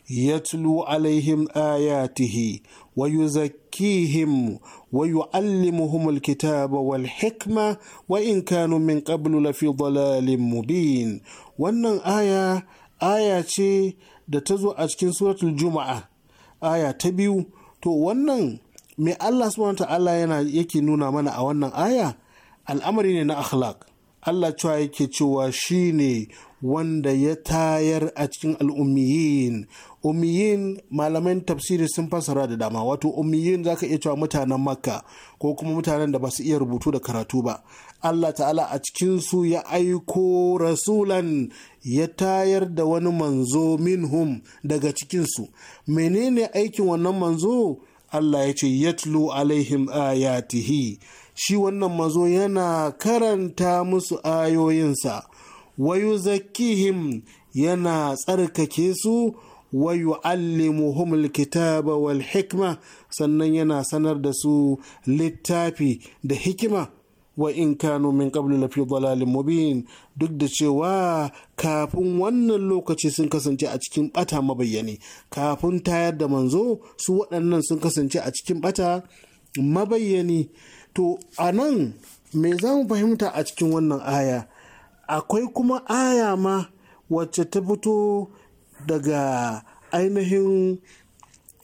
yatlu alaihim ayatihi ويزكيهم ويعلمهم الكتاب والحكمة وإن كانوا من قبل لفي ضلال مبين wannan aya aya ce da ta zo a cikin suratul juma'a aya ta biyu to wannan mai Allah subhanahu ta'ala yana yake nuna mana a wannan aya al'amari ne na akhlaq Allah cewa yake cewa shi ne wanda ya tayar a cikin al'ummiyin umiyin malaman tafsiri sun fasara da dama wato ummiyin ka iya cewa mutanen makka ko kuma mutanen da ba su iya rubutu da karatu ba Allah ta'ala a cikinsu ya aiko rasulan ya tayar da wani manzo minhum daga cikinsu menene aikin wannan manzo Allah ya ce yatlu alaihim ayatihi shi wannan mazo yana karanta musu ayoyinsa wayu zakihim yana tsarkake su wayu allimuhumul kitaba wal hikma sannan yana sanar da su littafi da hikima wa in kanu min qablu lafi dalalin mubin duk da cewa kafin wannan lokaci sun kasance a cikin bata mabayyani kafin tayar da manzo su waɗannan sun kasance a cikin bata mabayyani to a nan me za mu fahimta a cikin wannan aya akwai kuma aya ma wacce ta fito daga ainihin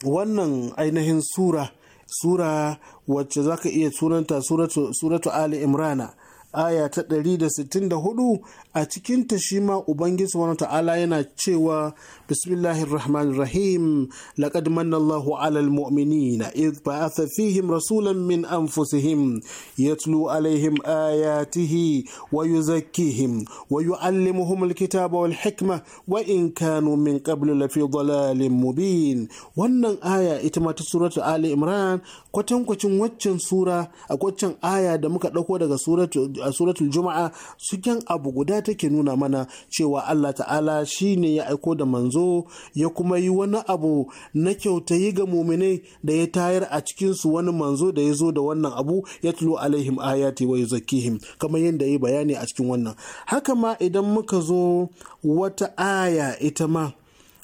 wannan ainihin sura sura wacce za ka iya sunanta suratu, suratu ali imrana aya ta 164 a cikinta shi ma Ubangiji wa ta'ala yana cewa Bismillahirrahmanirrahim laqad manna Allahu 'alal mu'minina id ba'atha fihim rasulan min anfusihim yatlu 'alayhim ayatihi wa yuzakkihim wa yu'allimuhum alkitaba wal hikma wa in kanu min qablu lafi dhalalin mubin wannan aya ita ma ta suratu Ali Imran kwatankwacin waccan sura a waccan aya da muka ɗauko daga suratul juma'a suken abu guda take nuna mana cewa allah ta'ala shi ne ya aiko da manzo ya kuma yi wani abu na kyautayi ga muminai da ya tayar a cikinsu wani manzo da ya zo da wannan abu ya tulo alaihim ayati wa yuzakkihim kamar yadda ya yi bayani a cikin wannan haka ma idan muka zo wata aya ita ma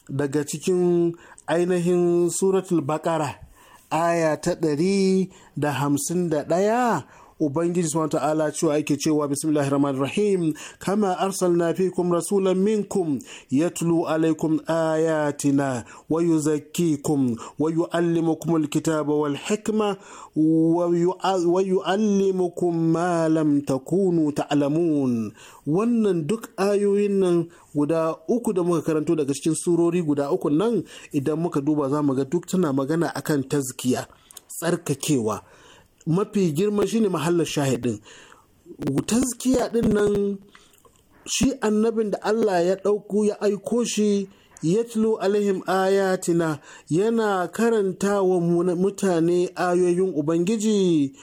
daga cikin ainihin suratul bakara aya ta ɗari da hamsin da ɗaya ubangiji subhanahu ta'ala cewa yake cewa bismillahir rahmanir rahim kama arsalna fikum rasulan minkum Ya yatlu alaikum ayatina wa yuzakkikum wa yuallimukum alkitaba wal hikma wa yuallimukum ma lam takunu ta'lamun wannan duk ayoyin nan guda uku da muka karanto daga cikin surori guda uku nan idan muka duba za mu ga duk tana magana akan tazkiya tsarkakewa mafi girma shine mahallar shahidin taskiya din nan shi annabin da Allah ya ɗauko ya aiko shi yatlu alaihim ayatina yana karanta wa mutane ayoyin ubangiji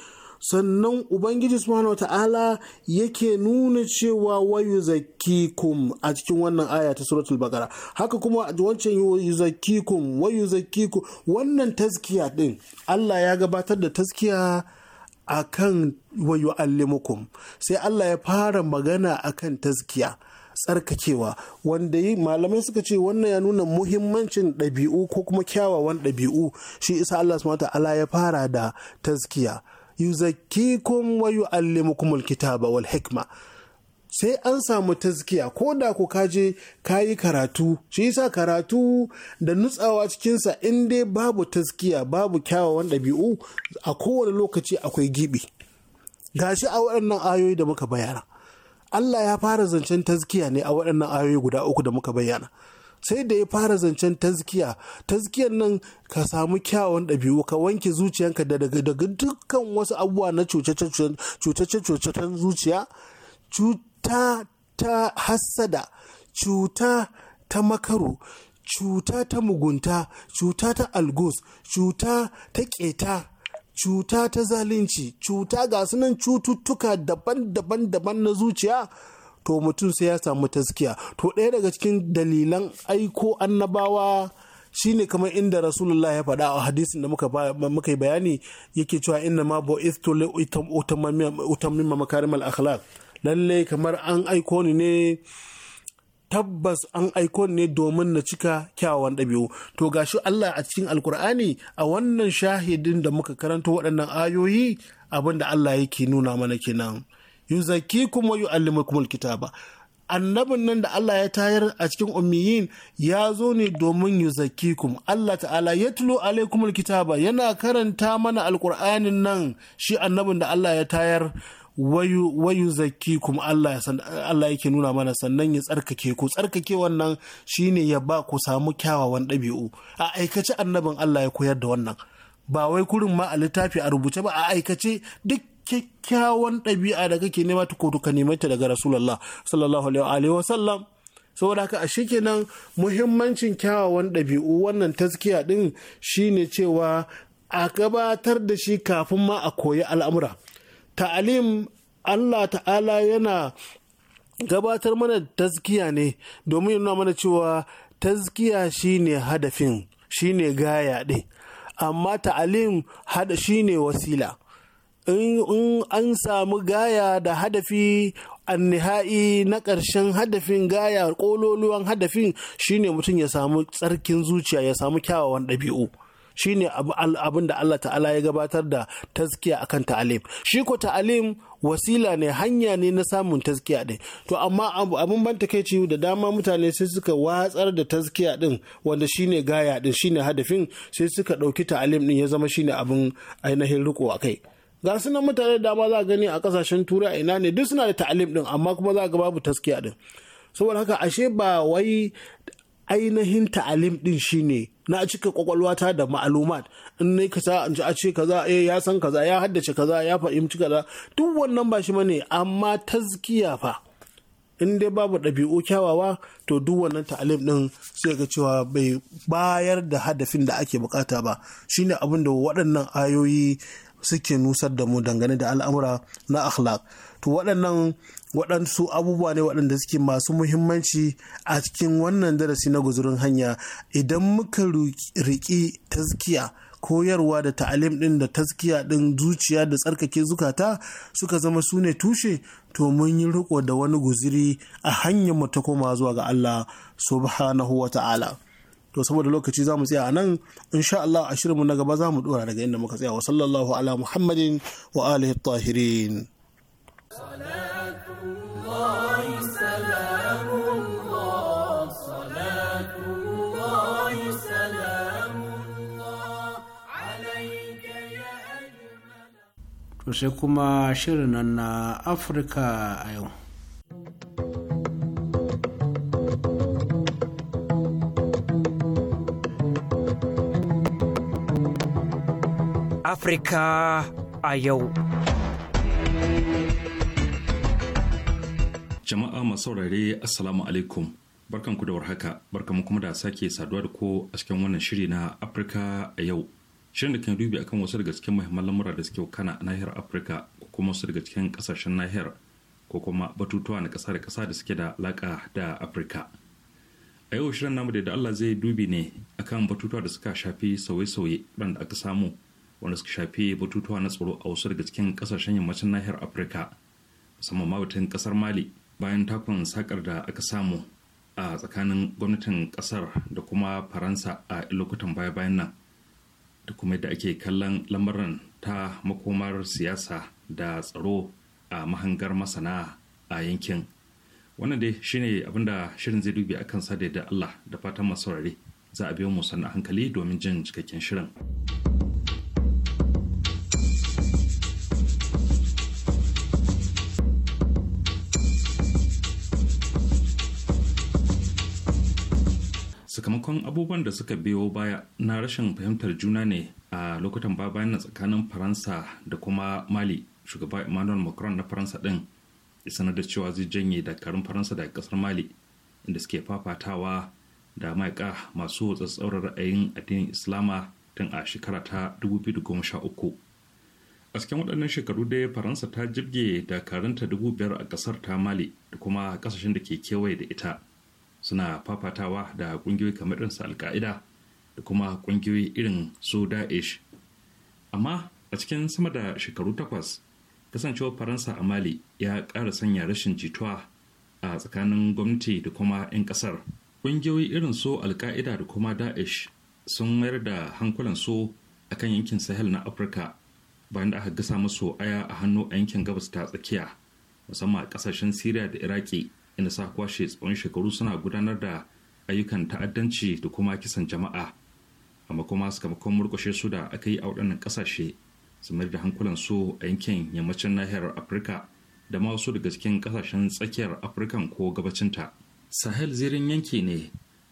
sannan ubangiji subhanahu ta'ala yake nuna cewa wayu zakikum a cikin wannan aya ta suratul bakara haka kuma wancan yuzakikum wayu zakikum wannan taskiya din Allah ya gabatar da taskiya akan wayu allimukum sai Allah ya fara magana akan taskiya tsarkakewa wanda yi malamai suka ce wannan ya nuna muhimmancin ɗabi'u ko kuma kyawawan ɗabi'u shi isa Allah subhanahu ta'ala ya fara da taskiya yuzakkikum wa yu'allimukum alkitaba wal hikma sai an samu taskiya ko da ku kaje kayi karatu shi yasa karatu da nutsawa cikinsa in dai babu taskiya babu kyawawan ɗabi'u a kowane lokaci akwai gibi gashi a waɗannan ayoyi da muka bayyana Allah ya fara zancen taskiya ne a waɗannan ayoyi guda uku da muka bayyana sai da ya fara zancen tazkiya tazkiyar nan ka samu kyawun ɗabi'u ka wanke zuciyanka daga dukkan wasu abubuwa na cuce cuce zuciya cuta ta hassada cuta ta makaro cuta ta mugunta cuta ta algos cuta ta keta cuta ta zalunci cuta ga sunan cututtuka daban-daban-daban na zuciya to mutum sai ya samu taskiya to ɗaya daga cikin dalilan aiko annabawa shine kamar inda rasulullah ya faɗa a hadisin da muka yi bayani yake cewa inna ma bo istole utammima makarim al-akhlaq lalle kamar an aiko ni ne tabbas an aiko ne domin na cika kyawawan ɗabi'u to gashi Allah a cikin alkur'ani a wannan shahidin da muka karanta waɗannan ayoyi abinda Allah yake nuna mana kenan yuzakikum wa yu'allimukumul kitaba annabin nan da Allah ya tayar a cikin ummiyin ya zo ne domin yuzakikum Allah ta'ala ya tulo alaikumul kitaba yana karanta mana alqur'anin nan shi annabin da Allah ya tayar wayu wayu Allah Allah yake nuna mana sannan ya tsarkake ku tsarkake wannan shine ya ba ku samu kyawawan ɗabi'u a aikace annabin Allah ya koyar da wannan ba wai kurin ma a littafi a rubuce ba a aikace duk kyakkyawan ɗabi'a da kake nema tukutu ka neman ta daga rasulullah sallallahu alaihi wa sallam saboda haka ashe kenan muhimmancin kyawawan ɗabi'u wannan taskiya ɗin shine cewa a gabatar da shi kafin ma a koyi al'amura ta'alim Allah ta'ala yana gabatar mana taskiya ne domin nuna mana cewa taskiya shine hadafin shine gaya ɗin amma ta'alim shine wasila in an samu gaya da hadafi annihai na ƙarshen hadafin gaya ƙololuwan hadafin shine mutum ya samu tsarkin zuciya ya samu kyawawan ɗabi'u shine abin da Allah ta'ala ya gabatar da taskiya akan ta'alim shi ko ta'alim wasila ne hanya ne na samun taskiya ɗin to amma abin ban takeici da dama mutane sai suka watsar da taskiya ɗin wanda shine gaya ɗin shine hadafin sai suka ɗauki ta'alim ɗin ya zama shine abin ainihin riko a kai ga su mutane da dama za gani a kasashen turai a ina ne duk suna da ta'alim din amma kuma za ga babu taskiya din saboda haka ashe ba wai ainihin ta'alim din shine na cika kwakwalwata da ma'alumat in ne ka sa a ce kaza eh ya san kaza ya haddace kaza ya fahimci kaza duk wannan ba shi bane amma taskiya fa in dai babu ɗabi'u kyawawa to duk wannan ta'alim din sai ga cewa bai bayar da hadafin da ake bukata ba shine abin da waɗannan ayoyi suke nusar da mu dangane da al'amura na akhlaq to waɗannan waɗansu abubuwa ne waɗanda suke masu muhimmanci a cikin wannan darasi na guzurin hanya idan muka riƙi taskiya koyarwa da ta'alim ɗin da taskiya ɗin zuciya da tsarkake zukata suka zama su ne tushe to mun yi riko da wani guziri a hanyar mu ta koma zuwa ga Allah subhanahu wa ta'ala. to saboda lokaci za mu tsaya a nan insha Allah a shirinmu na gaba za mu dora daga inda muka tsaya wa sallallahu ala muhammadin wa alihi tahirin sai kuma shirin nan na afirka a yau Afrika a yau. Jama'a masu saurare Assalamu alaikum. Barkanku da warhaka, barkan kuma da sake saduwa da ko a cikin wannan shiri na afrika a yau. Shirin da kan dubi akan wasu daga cikin muhimman lamura da suke kana a nahiyar Afirka ko kuma wasu daga cikin kasashen nahiyar ko kuma batutuwa na kasa da kasa da suke da alaƙa da Afirka. A yau shirin namu da Allah zai dubi ne akan batutuwa da suka shafi sauye-sauye ɗan da aka samu wanda suka shafi batutuwa na tsaro a wasu daga cikin kasashen yammacin nahiyar afirka musamman ma batun kasar mali bayan takon sakar da aka samu a tsakanin gwamnatin kasar da kuma faransa a lokutan baya-bayan nan da kuma yadda ake kallon lamarin ta makomar siyasa da tsaro a mahangar masana a yankin wannan dai shine abinda shirin zai dubi akan sa da Allah da fatan masu za a biyo mu sannan hankali domin jin cikakken shirin. sakamakon abubuwan da suka biyo baya na rashin fahimtar juna ne a lokutan baya bayan tsakanin faransa da kuma mali shugaba emmanuel macron na faransa din ya sanar da cewa zai janye dakarun faransa daga kasar mali inda suke fafatawa da maika masu tsatsauran ra'ayin addinin islama tun a shekara ta 2013 a cikin waɗannan shekaru dai faransa ta jirge dakarunta 5,000 a ƙasar ta mali da kuma ƙasashen da ke kewaye da ita suna fafatawa da kungiyoyi kamar irin su alka'ida da kuma kungiyoyi irin su Da'ish amma a cikin sama da shekaru takwas kasancewar faransa a mali ya ƙara sanya rashin jituwa a tsakanin gwamnati da kuma 'yan ƙasar ƙungiyoyi irin su alka'ida da kuma Da'ish sun mayar da hankulan su a kan yankin sahel na afirka bayan da aka gasa musu aya a hannu a yankin gabas ta tsakiya musamman a ƙasashen syria da iraki inda sa kwashe tsawon shekaru suna gudanar da ayyukan ta'addanci da kuma kisan jama'a amma kuma sakamakon murkushe su da aka yi a waɗannan ƙasashe su mayar da hankulan su a yankin yammacin nahiyar afirka da ma wasu daga cikin ƙasashen tsakiyar Afirka ko gabacinta sahel zirin yanki ne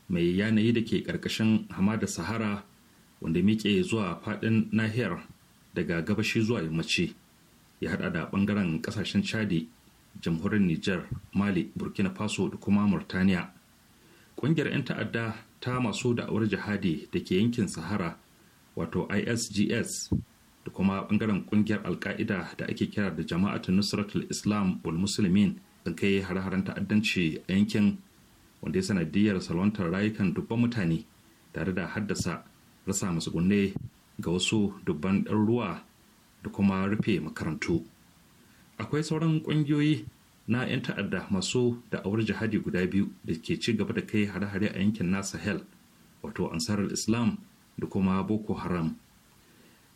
mai yanayi da ke ƙarƙashin hamada sahara wanda miƙe zuwa faɗin nahiyar daga gabashi zuwa yammaci ya haɗa da ɓangaren ƙasashen chadi jamhuriyar nijar mali burkina faso da kuma murtaniya kungiyar 'yan ta'adda ta masu da'awar jihadi da ke yankin sahara wato isgs da kuma bangaren ƙungiyar alka'ida da ake kira da jama'atu nusratul islam wal musulmin sun kai hare-haren ta'addanci a yankin wanda ya sanadiyar salwantar rayukan dubban mutane tare da haddasa rasa matsugunne ga wasu dubban ɗan ruwa da kuma rufe makarantu. akwai sauran ƙungiyoyi na 'yan ta'adda masu da awar jihadi guda biyu da ke ci gaba da kai hare-hare a yankin Nasahel, wato ansarar islam da kuma boko haram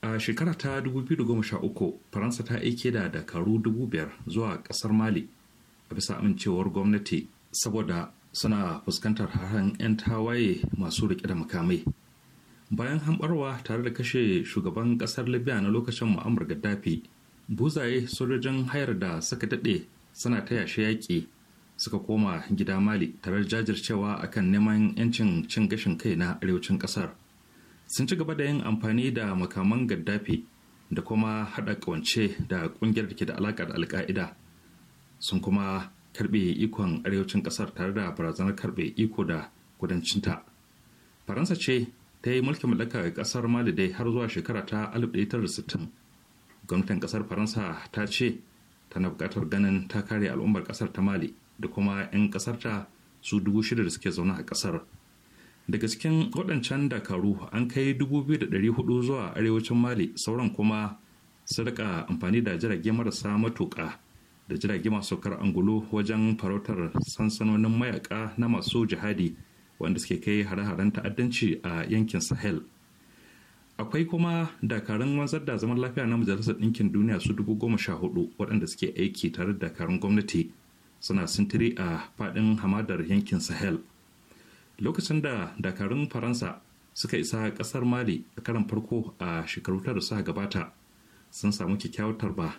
a shekara ta 2013 faransa ta aike da dakaru 5,000 zuwa kasar mali a bisa amincewar gwamnati saboda suna fuskantar haran 'yan tawaye masu rike da makamai bayan hambarwa tare da kashe shugaban kasar libya na lokacin mu'ammar gaddafi buzaye sojojin hayar da suka daɗe suna ta yashe yaƙi suka koma gida mali tare da jajircewa akan neman 'yancin cin gashin kai na arewacin ƙasar sun ci gaba da yin amfani da makaman gaddafi da kuma haɗa ƙawance da ƙungiyar da ke da alaƙa da alƙa'ida sun kuma karɓe ikon arewacin ƙasar tare da barazanar karɓe iko da kudancinta faransa ce ta yi mulkin mallaka ƙasar mali dai har zuwa shekara ta 1960 gwamnatin kasar faransa ta ce tana bukatar ganin ta kare al'ummar kasar ta mali da kuma 'yan kasar su dubu shida da suke zaune a kasar daga cikin waɗancan dakaru an kai dubu biyu da ɗari hudu zuwa arewacin mali sauran kuma su rika amfani da jirage marasa matuƙa da jirage masu kar angulo wajen farautar sansanonin mayaka na masu jihadi wanda suke kai hare-haren ta'addanci a yankin sahel akwai kuma dakarun wanzar da zaman lafiya na majalisar ɗinkin duniya su dubu goma sha hudu waɗanda suke aiki tare da dakarun gwamnati suna sintiri a faɗin hamadar yankin sahel lokacin da dakarun faransa suka isa ƙasar mali a karan farko a shekaru tara suka gabata sun samu kyakkyawar tarba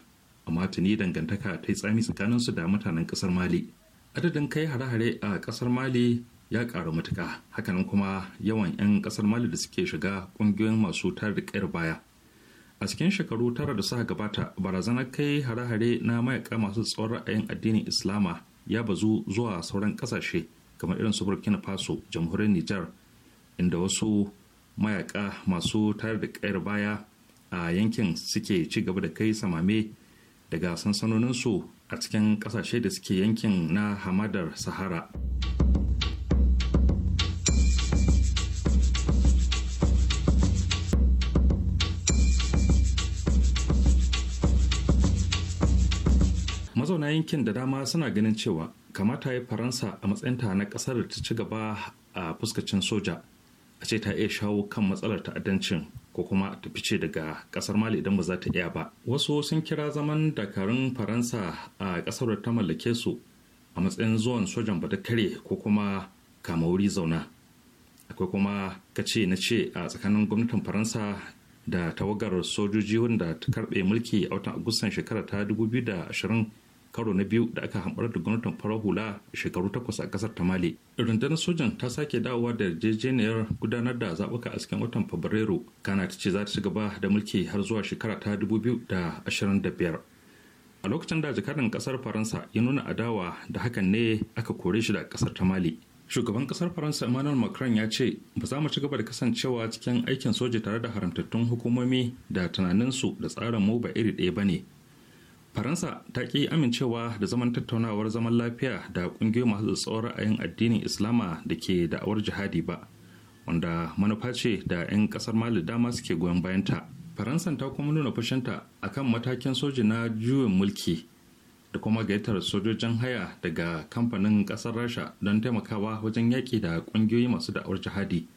amma tuni dangantaka ta yi tsami tsakaninsu da mutanen ƙasar mali adadin kai hare-hare a ƙasar mali ya ƙara matuka hakanan kuma yawan 'yan ƙasar mali da suke shiga ƙungiyoyin masu tare da ƙayar baya a cikin shekaru tara da suka gabata barazanar kai hare-hare na mayaka masu tsawon ra'ayin addinin islama ya bazu zuwa sauran ƙasashe kamar irin su burkina faso jamhuriyar nijar inda wasu mayaka masu tare da kayar baya a yankin suke ci gaba da kai samame daga sansanoninsu a cikin kasashe da suke yankin na hamadar sahara. mazauna yankin da dama suna ganin cewa kamata ya faransa a matsayinta na kasar da ta ci gaba a fuskacin soja a ce ta iya shawo kan matsalar ta'addancin ko kuma ta fice daga kasar mali idan ba za ta iya ba wasu sun kira zaman dakarun faransa a kasar da ta mallake su a matsayin zuwan sojan ba ta kare ko kuma kama wuri zauna akwai kuma kace na ce a tsakanin gwamnatin faransa da tawagar sojoji wanda ta karbe mulki a watan agustan shekara ta 2020 karo na biyu da aka hamɓar da gwamnatin farar hula shekaru takwas a ƙasar ta mali rundunar sojan ta sake dawowa da yarjejeniyar gudanar da zaɓuka a cikin watan fabrairu kana ta ce za ta ci gaba da mulki har zuwa shekara ta da da ashirin biyar. a lokacin da jakadan kasar faransa ya nuna adawa da hakan ne aka kore shi da kasar ta mali shugaban kasar faransa emmanuel macron ya ce ba za mu ci gaba da kasancewa cikin aikin soja tare da haramtattun hukumomi da tunaninsu da tsarin mu ba iri ɗaya ba ne faransa ta ƙi amincewa da zaman tattaunawar zaman lafiya da ƙungiyoyi masu tsawon ra'ayin addinin islama da ke da'awar jihadi ba wanda manufa ce da 'yan ƙasar mali dama suke goyon bayanta faransa ta kuma nuna fushinta kan matakin soji na juyin mulki da kuma gayyatar sojojin haya daga kamfanin ƙasar rasha don taimakawa wajen yaƙi da ƙungiyoyi masu da'awar jihadi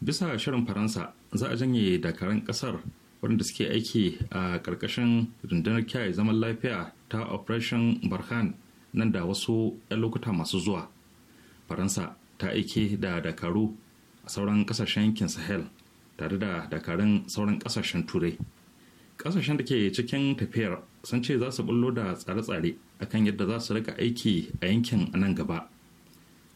bisa shirin faransa za a janye dakaran ƙasar waɗanda suke aiki a ƙarƙashin rundunar kyaye zaman lafiya ta operation barhan nan da wasu 'yan lokuta masu zuwa faransa ta aike da dakaru a sauran ƙasashen yankin sahel tare da dakarun sauran ƙasashen turai ƙasashen da ke cikin tafiyar sun ce za su bullo da tsare-tsare akan yadda za su rika aiki a yankin a nan gaba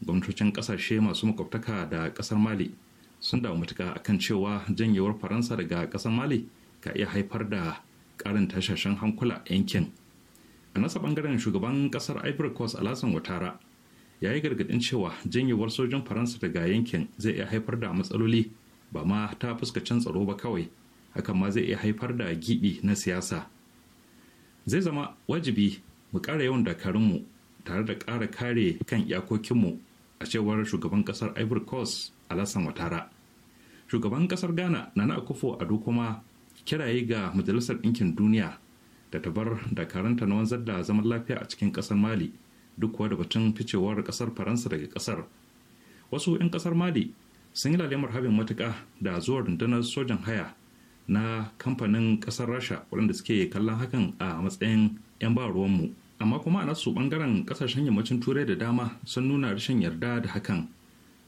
gwamnatocin ƙasashe masu makwabtaka da ƙasar mali sun damu matuka akan cewa janyewar faransa daga ƙasar mali ka iya haifar da karin tashashen hankula a yankin a nasa bangaren shugaban ƙasar ivory coast alasan watara ya yi gargadin cewa janyewar sojin faransa daga yankin zai iya haifar da matsaloli ba ma ta fuskacin tsaro ba kawai hakan ma zai iya haifar da giɓi na siyasa zai zama wajibi mu ƙara yawan dakarunmu tare da ƙara kare kan iyakokinmu a cewar shugaban ƙasar ivory coast alasan watara shugaban ƙasar ghana na akufo ado kuma kiraye ga majalisar ɗinkin duniya da ta bar dakaranta na wanzar da zaman lafiya a cikin ƙasar mali duk kuwa da batun ficewar ƙasar faransa daga ƙasar wasu 'yan ƙasar mali sun yi lalemar harbin matuƙa da zuwa rundunar sojan haya na kamfanin ƙasar rasha waɗanda suke kallon hakan a matsayin 'yan ba ruwanmu amma kuma a nasu ɓangaren ƙasashen yammacin turai da dama sun nuna rashin yarda da hakan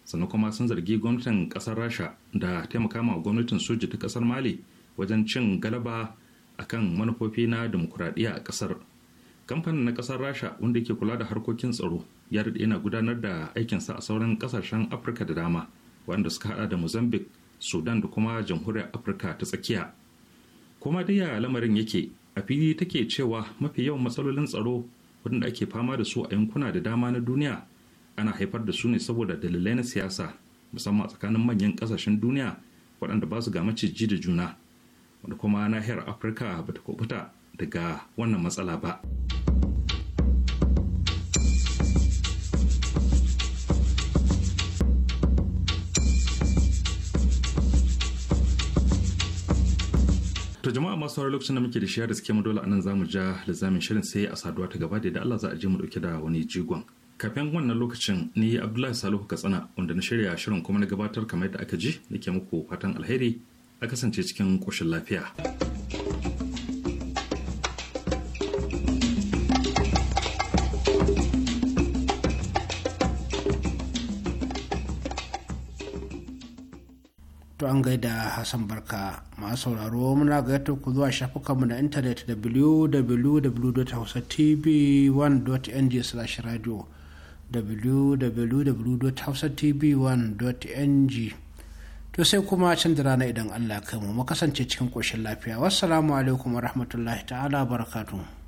sannan kuma sun zargi gwamnatin ƙasar rasha da taimaka ma gwamnatin soja ta ƙasar mali wajen cin galaba a kan manufofi na demokuraɗiyya a ƙasar kamfanin na ƙasar rasha wanda ke kula da harkokin tsaro ya daɗe yana gudanar da aikinsa a sauran ƙasashen afirka da dama wanda suka haɗa da mozambique sudan da kuma jamhuriyar afirka ta tsakiya kuma dai ya lamarin yake a fili take cewa mafi yawan matsalolin tsaro waɗanda ake fama da su a yankuna da dama na duniya ana haifar da su ne saboda dalilai na siyasa musamman tsakanin manyan ƙasashen duniya waɗanda ba su ga maciji da juna wanda kuma nahiyar afirka ba ta kubuta daga wannan matsala ba to jama'a masu sauraron lokacin da muke da shiyar da suke dole anan zamu ja lizamin shirin sai a saduwa ta gaba da da Allah za a je mu dauke da wani jigon kafin wannan lokacin ni abdullahi salihu katsina wanda na shirya shirin kuma na gabatar kamar yadda aka ji nake muku fatan alheri a kasance cikin ƙoshin lafiya. to an gaida Hassan Barka masu sauraro muna gaita ku zuwa shafukanmu na intanet www.hausatv1.ng/radio to sai kuma can da rana idan allah kai mu kasance cikin koshin lafiya wassalamu alaikum wa rahmatullahi ta'ala barakatu.